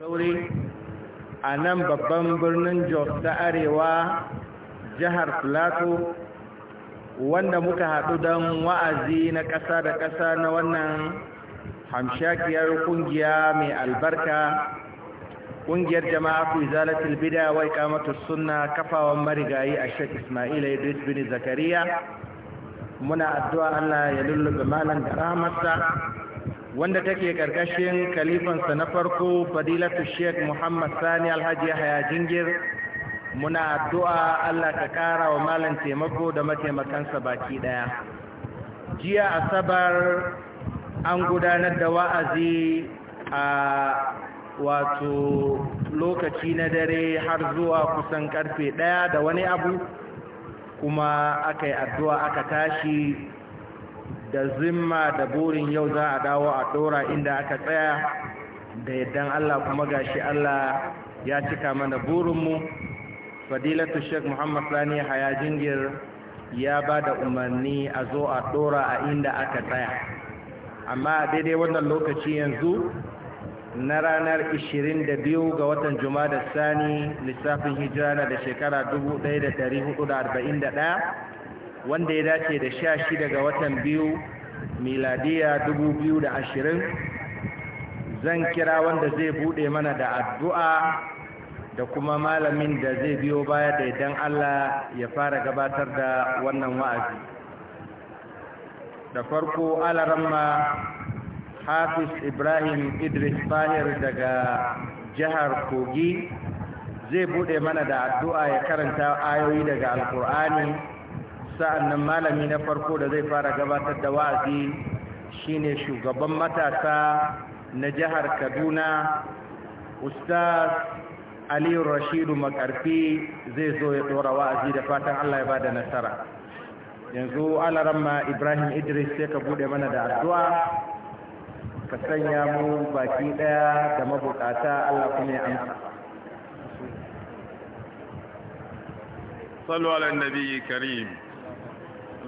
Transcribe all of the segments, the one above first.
sauri a nan babban birnin jos ta arewa jihar Filato, wanda muka haɗu don wa'azi na ƙasa da ƙasa na wannan hamshakiyar ƙungiya mai albarka ƙungiyar jama'a ku zalatul bida wai ikamatu sunna kafawan marigayi a shek ismaila idris bin zakariya muna addu'a allah ya lullube malam da rahmatsa wanda take karkashin kalifansa na farko fadilatu sheikh muhammad sani alhaji yahaya jingir muna addu'a allah ka kara wa malam taimako da mataimakansa baki daya jiya asabar an gudanar da wa'azi a wato lokaci na dare har zuwa kusan karfe daya da wani abu kuma aka yi addu'a aka tashi da zimma da burin yau za a dawo a dora inda aka tsaya da yaddan Allah kuma gashi Allah ya cika mana burinmu fadilatu sheik muhammad sani haya jingir ya ba da umarni a zo a dora a inda aka tsaya amma daidai wannan lokaci yanzu na ranar 22 ga watan juma'a da sani lissafin hijira da shekara 1441 wanda ya dace da sha shi daga watan biyu miladiya dubu biyu da ashirin zan kira wanda zai bude mana da addu'a da kuma malamin da zai biyo baya da idan Allah ya fara gabatar da wannan wa'azi da farko alaramma hafiz ibrahim idris fahir daga jihar kogi zai bude mana da addu'a ya karanta ayoyi daga alkur'ani sa'an nan malami na farko da zai fara gabatar da wa'azi shi ne shugaban matasa na jihar kaduna ustaz aliyu rashidu makarfi zai zo ya tsora wa'azi da fatan allah ya ba da nasara yanzu ramma ibrahim idris sai ka buɗe mana da addu'a ka sanya mu baki ɗaya da mabukata allah kuma ya amsa صلوا على النبي الكريم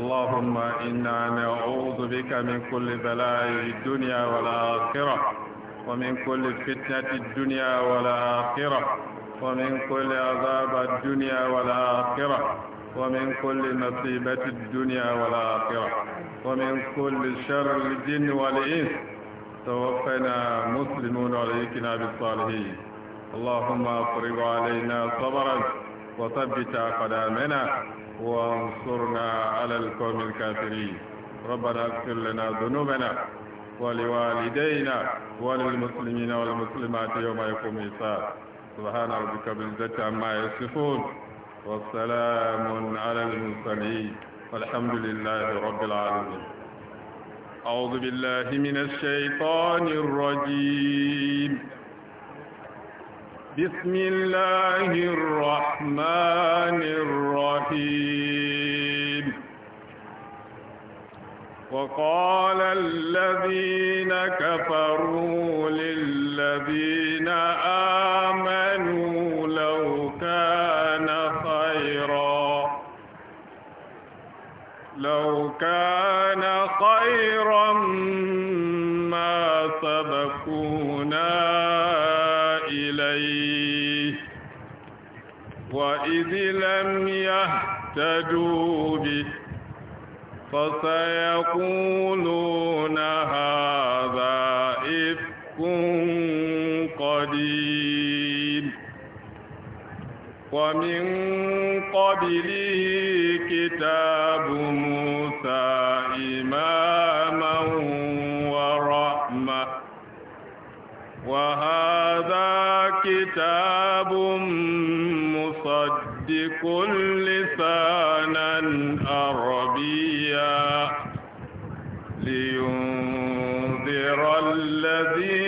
اللهم إنا نعوذ بك من كل بلاء الدنيا والآخرة ومن كل فتنة الدنيا والآخرة ومن كل عذاب الدنيا والآخرة ومن كل مصيبة الدنيا والآخرة ومن كل شر الجن والإنس توفنا مسلمون عليكنا بالصالحين اللهم أفرغ علينا صبرا وثبت أقدامنا وانصرنا على القوم الكافرين ربنا اغفر لنا ذنوبنا ولوالدينا وللمسلمين والمسلمات يوم يقوم الحساب سبحان ربك بالعزة عما يصفون وسلام على المرسلين والحمد لله رب العالمين أعوذ بالله من الشيطان الرجيم بسم الله الرحمن الرحيم وقال الذين كفروا لله إذ لم يهتدوا به فسيقولون هذا إفك قديم ومن قبله كتاب موسى إماما ورحمة وهذا كتاب مصدق بكل لسانا عربيا لينذر الذين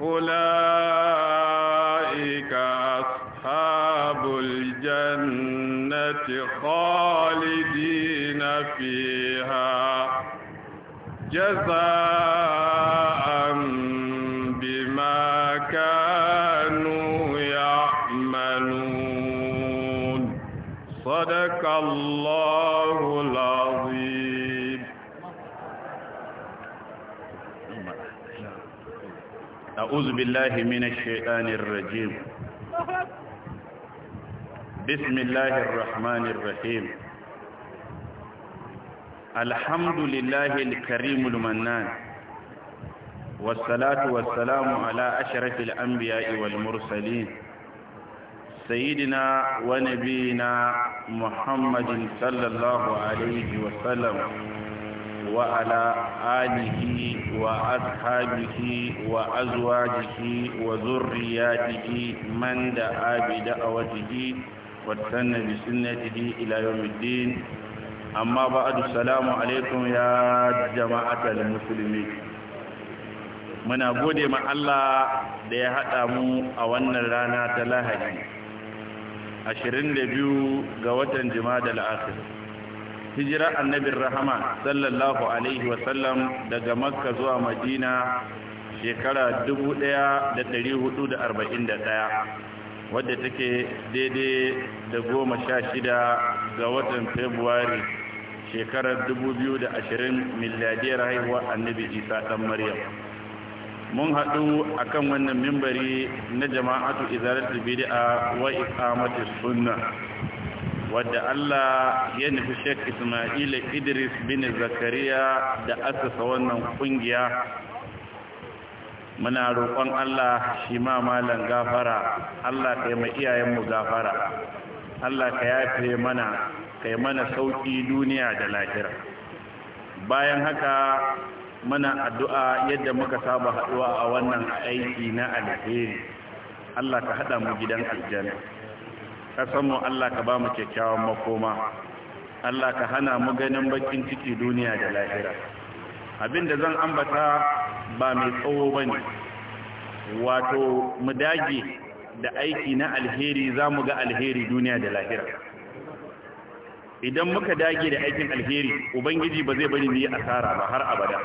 أولئك أصحاب الجنة خالدين فيها جزاء أعوذ بالله من الشيطان الرجيم بسم الله الرحمن الرحيم الحمد لله الكريم المنان والصلاة والسلام على أشرف الأنبياء والمرسلين سيدنا ونبينا محمد صلى الله عليه وسلم وعلى آله وأصحابه وأزواجه وذرياته من دعا بدعوته واستنى بسنته إلى يوم الدين أما بعد السلام عليكم يا جماعة المسلمين من أبود مع الله ليهدم أولنا لنا تلاهدي 22 ga watan jima'a da al'asir hijira annabin rahama sallallahu alaihi wasallam daga makka zuwa madina shekara 1441 wadda take daidai da goma sha shida ga watan februari shekarar 2020 miliyadiyar haihuwa annabi isa ɗan maryam mun haɗu a kan wannan mimbari na jama'atu izaratul bid'a a iqamatus sunna wadda Allah ya nufi Sheikh Ismail Idris bin Zakariya da asasa wannan kungiya muna roƙon Allah shi ma malan gafara Allah ka yi iyayen mu gafara Allah ka yafe mana kai mana sauƙi duniya da lahira bayan haka muna addu'a yadda muka saba haɗuwa a wannan aiki na alheri Allah ka haɗa mu gidan aljanna mu Allah ka ba mu kyakkyawan makoma Allah ka hana mu ganin bakin ciki duniya da lahira Abinda zan ambata ba mai tsawo ba wato mu dage da aiki na alheri za mu ga alheri duniya da lahira idan muka dage da aikin alheri ubangiji ba zai bari mu yi asara ba har abada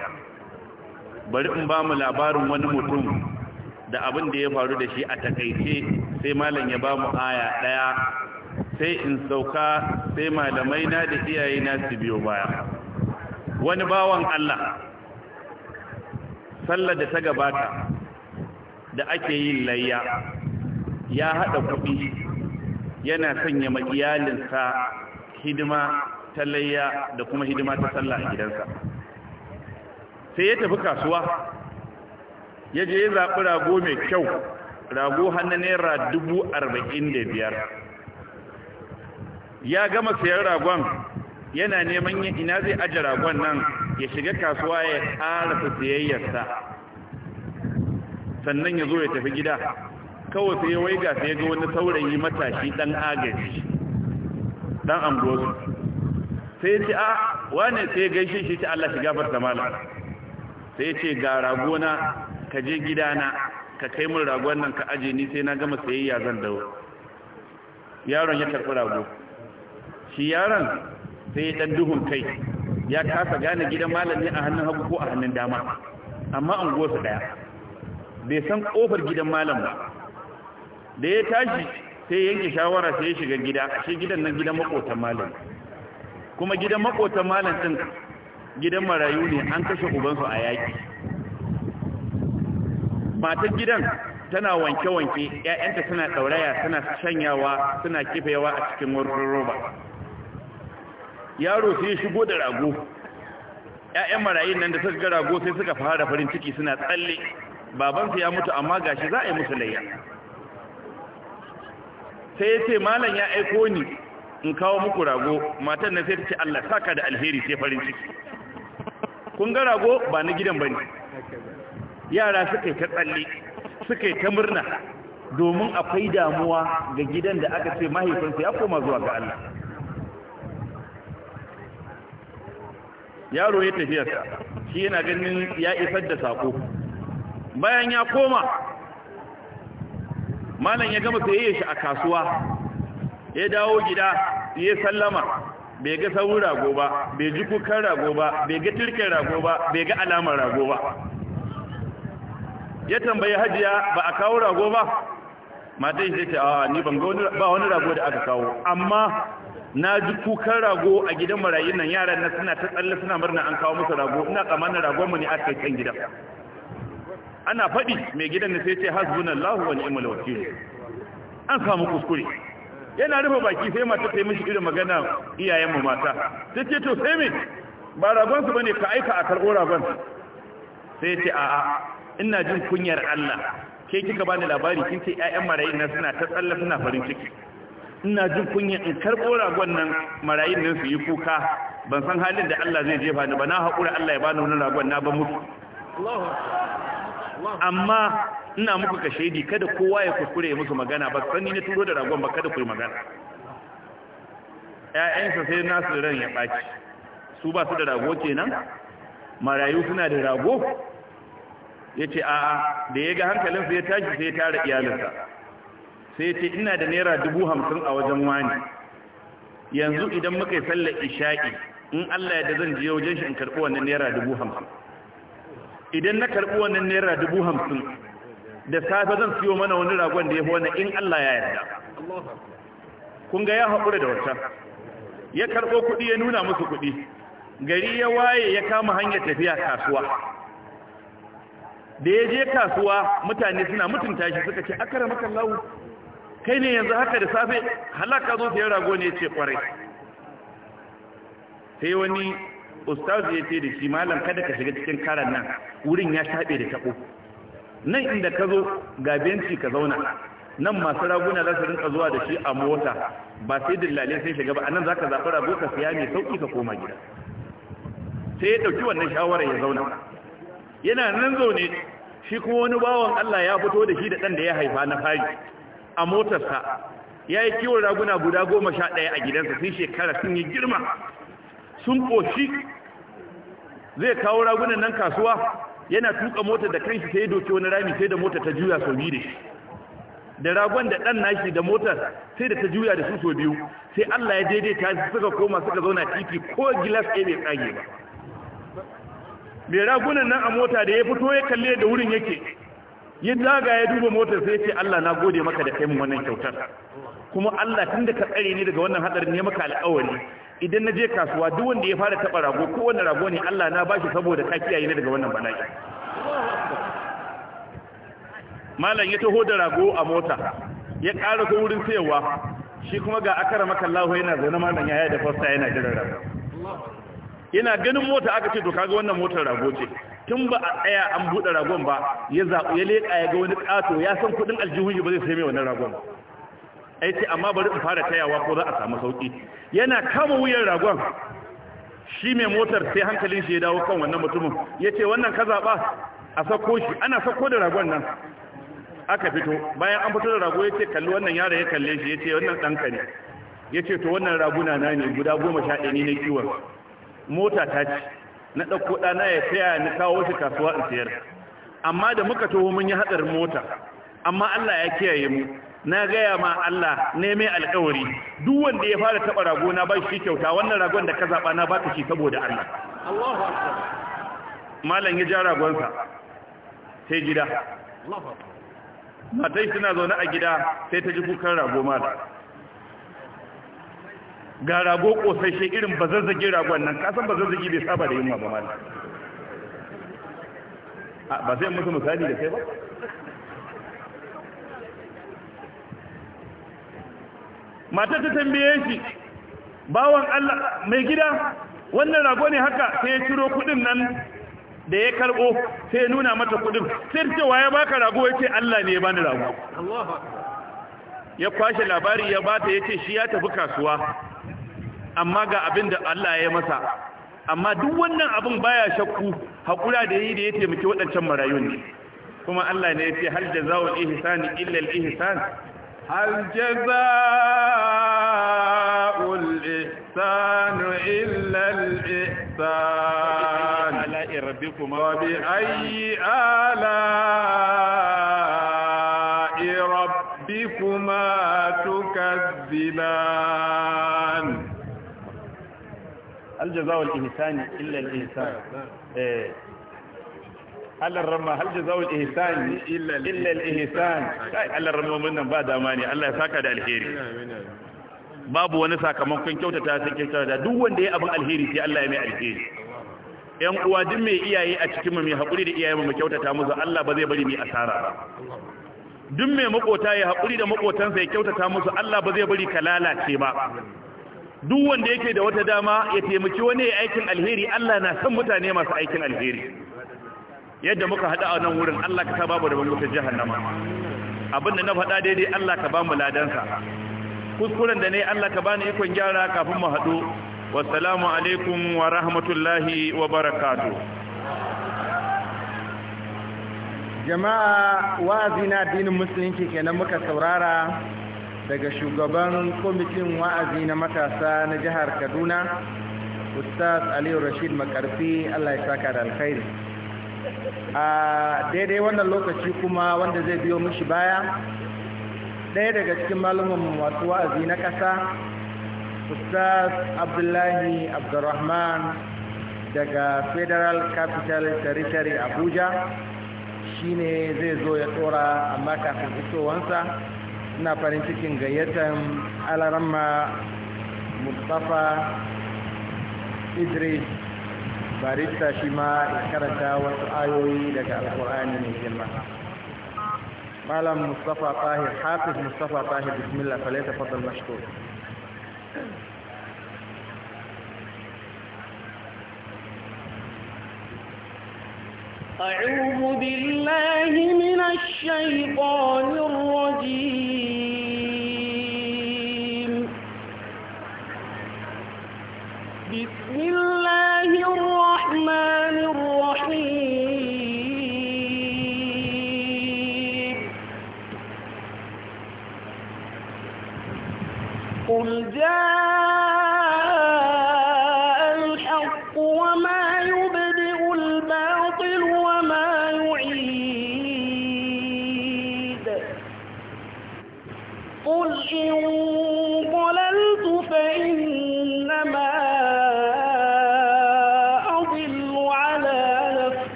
bari in ba mu labarin wani mutum da abin da ya faru da shi a takaice sai malam ya ba mu aya ɗaya sai in sauka sai malamai na da iyaye na su biyo baya wani bawan Allah sallar da ta gabata da ake yin layya ya haɗa kuɗi yana sanya maƙiyalinsa hidima ta layya da kuma hidima ta sallah a gidansa sai ya tafi kasuwa ya je ya zaɓi rago mai kyau rago hannu naira dubu arba'in da biyar ya gama sayan ragon yana neman yin ina zai ajiye ragon nan ya shiga kasuwa ya su siyayyarsa sannan ya zo ya tafi gida kawai sai wai ga sai ga wani saurayi matashi dan agaji ɗan amgosu sai ce a ah, wane sai gaishe shi ta Allah shiga farsa malam sai ce ga ragona ka je gidana ka kai min ragon nan ka aje ni sai na gama sayayya zan dawo yaron ya karɓi rago shi yaron sai ya ɗan duhun kai ya kasa gane gidan ne a hannun hagu ko a hannun dama amma an gosa ɗaya bai san ƙofar gidan malam ba da ya tashi sai yanke shawara sai ya shiga gida shi gidan nan gidan makotan malam kuma gidan makotan malam ɗin gidan marayu ne an kashe ubansu a yaƙi matar gidan tana wanke-wanke ‘ya'yanta suna ɗauraya suna shanyawa suna kifewa a cikin wurin roba yaro sai shigo da rago ‘ya'yan marayin nan da suka ga rago sai suka fara farin ciki suna tsalle babansa ya mutu amma gashi za a yi musu layya sai ya ce malam ya aiko ni in kawo muku rago matan nan sai ta ce Allah saka da alheri sai farin ciki kun ga rago ba na gidan bane yara suka yi ta tsalle suka yi ta murna domin akwai damuwa ga gidan da aka ce mahaifinsa ya koma zuwa ga Allah yaro ya tafiyarsa shi yana ganin ya isar da sako bayan ya koma malam ya gama sayayya shi a kasuwa ya dawo gida ya sallama bai ga saurin rago ba bai ji kukan rago ba bai ga turken rago ba bai ga alamar rago ba ya tambayi hajiya ba a kawo rago ba mata yi ce a ni ban ba wani rago da aka kawo amma na ji kukan rago a gidan marayi nan yaran na suna ta tsalle suna murna an kawo musu rago ina tsamanin ragon mu ne a kai gidan ana faɗi mai gidan ne sai ce hasbunallahu wa ni'mal wakilu an samu kuskure yana rufe baki sai mata ta yi mishi irin magana iyayen mu mata sai ce to sai me ba ragon su bane ka aika a karɓo ragon sai ce a'a ina jin kunyar Allah ke kika bani labari kin ce ƴaƴan marayin nan suna ta tsalla suna farin ciki ina jin kunya in karbo ragon nan marayin nan su yi kuka ban san halin da Allah zai jefa ni ba na haƙura Allah ya bani wannan ragon na ba mutu amma ina muku ka shaidi kada kowa ya kuskure musu magana ba sani na turo da ragon ba kada ku yi magana ƴaƴansa sai nasu ran ya ɓaci su ba su da rago kenan marayu suna da rago ya ce a'a da ya ga hankalinsa ya tashi sai ya tara iyalinsa sai ya ce ina da naira dubu hamsin a wajen wani yanzu idan muka yi sallar isha'i in Allah ya da zan je wajen shi in karɓi wannan naira dubu hamsin idan na karɓi wannan naira dubu hamsin da safe zan siyo mana wani ragon da ya fi wani in Allah ya yarda kun ga ya haƙura da wata ya karɓo kuɗi ya nuna musu kuɗi gari ya waye ya kama hanyar tafiya kasuwa da ya je kasuwa mutane suna mutunta shi suka ce akara makallahu kai ne yanzu haka da safe halaka zo sai rago ne ce kwarai sai wani ustazu ya ce da shi malam kada ka shiga cikin karan nan wurin ya shaɓe da taɓo nan inda ka zo ga benci ka zauna nan masu raguna za su rinka zuwa da shi a mota ba sai dillale sai shiga ba anan za ka zaɓi rago ka siya mai sauƙi ka koma gida sai ya ɗauki wannan shawarar ya zauna yana nan zaune shi kuma wani bawan Allah ya fito da shi da ɗan da ya haifa na fari a motarsa ya yi kiwon raguna guda goma sha ɗaya a gidansa sun shekara sun yi girma sun ƙoshi zai kawo ragunan nan kasuwa yana tuka motar da kanshi sai doke wani rami sai da motar ta juya sau biyu da shi da ragon da ɗan nashi da motar sai da ta juya da su sau biyu sai Allah ya daidaita suka koma suka zauna titi ko gilas ɗaya bai tsage ba mai ragunan nan a mota da ya fito ya kalle da wurin yake ya zaga ya duba motar sai ce Allah na gode maka da kaimun wannan kyautar kuma Allah tun da ka tsare ni daga wannan hadarin ne maka al'awari idan na je kasuwa duk wanda ya fara taba rago ko wanda rago ne Allah na bashi saboda ka kiyaye ni daga wannan bala'i malam ya taho da rago a mota ya ƙara ko wurin sayarwa shi kuma ga akara maka Allah yana zaune malam yaya da fasta yana jira rago yana ganin mota aka ce to kaga wannan motar rago ce tun ba a tsaya an bude ragon ba ya zaɓu ya leƙa ya ga wani kato ya san kuɗin aljihun ba zai sai mai wannan ragon ai ce amma bari in fara tayawa ko za a samu sauƙi yana kama wuyan ragon shi mai motar sai hankalin shi ya dawo kan wannan mutumin ya ce wannan ka zaɓa a sako shi ana sako da ragon nan aka fito bayan an fito da rago ya ce kalli wannan yaro ya kalle shi ya ce wannan ɗanka ne ya ce to wannan raguna na ne guda goma sha ɗaya ne na kiwon mota ta ci na ɗauko ɗana ya saya ni kawo shi kasuwa in sayar amma da muka taho mun yi hatsarin mota amma Allah ya kiyaye mu na gaya ma Allah neme alƙawari duk wanda ya fara taɓa rago na ba shi kyauta wannan ragon da ka zaɓa na ka shi saboda Allah Allahu akbar malam ya ja ragonsa sai gida Allahu akbar matai suna zaune a gida sai ta ji kukan rago mata. ga rago kosashe irin bazazzage ragon nan kasan bazazzage bai saba da yunwa ba da ba zai musu misali da kai ba mata ta tambaye shi bawan Allah mai gida wannan rago ne haka sai ya ciro kudin nan da ya karbo sai ya nuna mata kudin sai cewa ya baka rago ya ce Allah ne ya bani rago ya kwashe labari ya bata ya ce shi ya tafi kasuwa amma ga abin da Allah ya masa amma duk wannan abin baya shakku hakura da yi da ya taimaki waɗancan marayun ne kuma Allah ne ya ce hal jazaa'ul ihsani illa al ihsan hal jazaa'ul ihsanu illa al ihsan ala rabbikuma wa bi ayyi ala rabbikuma tukadziban hal jazawul ihsani illa al ihsan eh Allah ramma hal jazawul ihsani illa al ihsan kai Allah ramma mun nan ba dama Allah ya saka da alheri babu wani sakamakon kyautata sai kyautata duk wanda ya abin alheri sai Allah ya mai alheri yan uwa duk mai iyaye a cikin mu mai haƙuri da iyaye mu kyautata musu Allah ba zai bari mu asara ba duk mai makota ya haƙuri da makotansa ya kyautata musu Allah ba zai bari ka lalace ba duk wanda yake da wata dama ya taimaki wani ya aikin alheri Allah na san mutane masu aikin alheri yadda muka hada a nan wurin Allah ka saba mu da wuta jahannama abinda na faɗa daidai Allah ka ba mu ladansa kuskuren da ne Allah ka bani ikon gyara kafin mu haɗu wassalamu alaikum wa rahmatullahi wa barakatuh jama'a wa'azina dinin musulunci kenan muka saurara daga shugaban kwamitin wa'azi na matasa na jihar kaduna ustaz aliyu rashid makarfi allah ya saka da alkhairi a daidai wannan lokaci kuma wanda zai biyo mishi baya ɗaya daga cikin malumin masu wa'azi na ƙasa ustaz abdullahi abdurrahman daga federal capital territory abuja shi ne zai zo ya tsora amma kafin fitowansa na farin cikin gayyatan alaramma mustapha idris barista shi ma karanta wasu ayoyi daga alkur'ani mai girma malam mustapha tahir hafiz mustapha tahir bismillah falaita fadal mashkur أعوذ بالله من الشيطان الرجيم قل جاء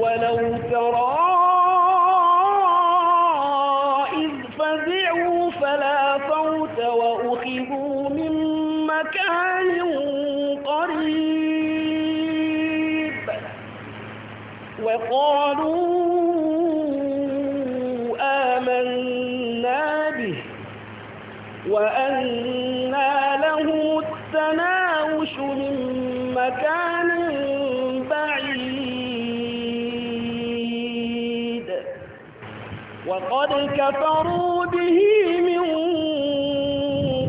ولو ترى وقد كفروا به من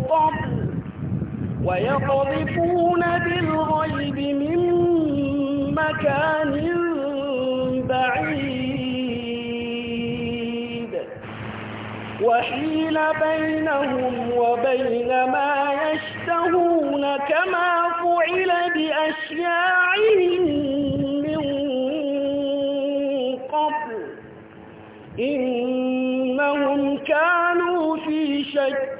قبل ويقذفون بالغيب من مكان بعيد وحيل بينهم وبين ما يشتهون كما فعل بأشياعهم إنهم كانوا في شك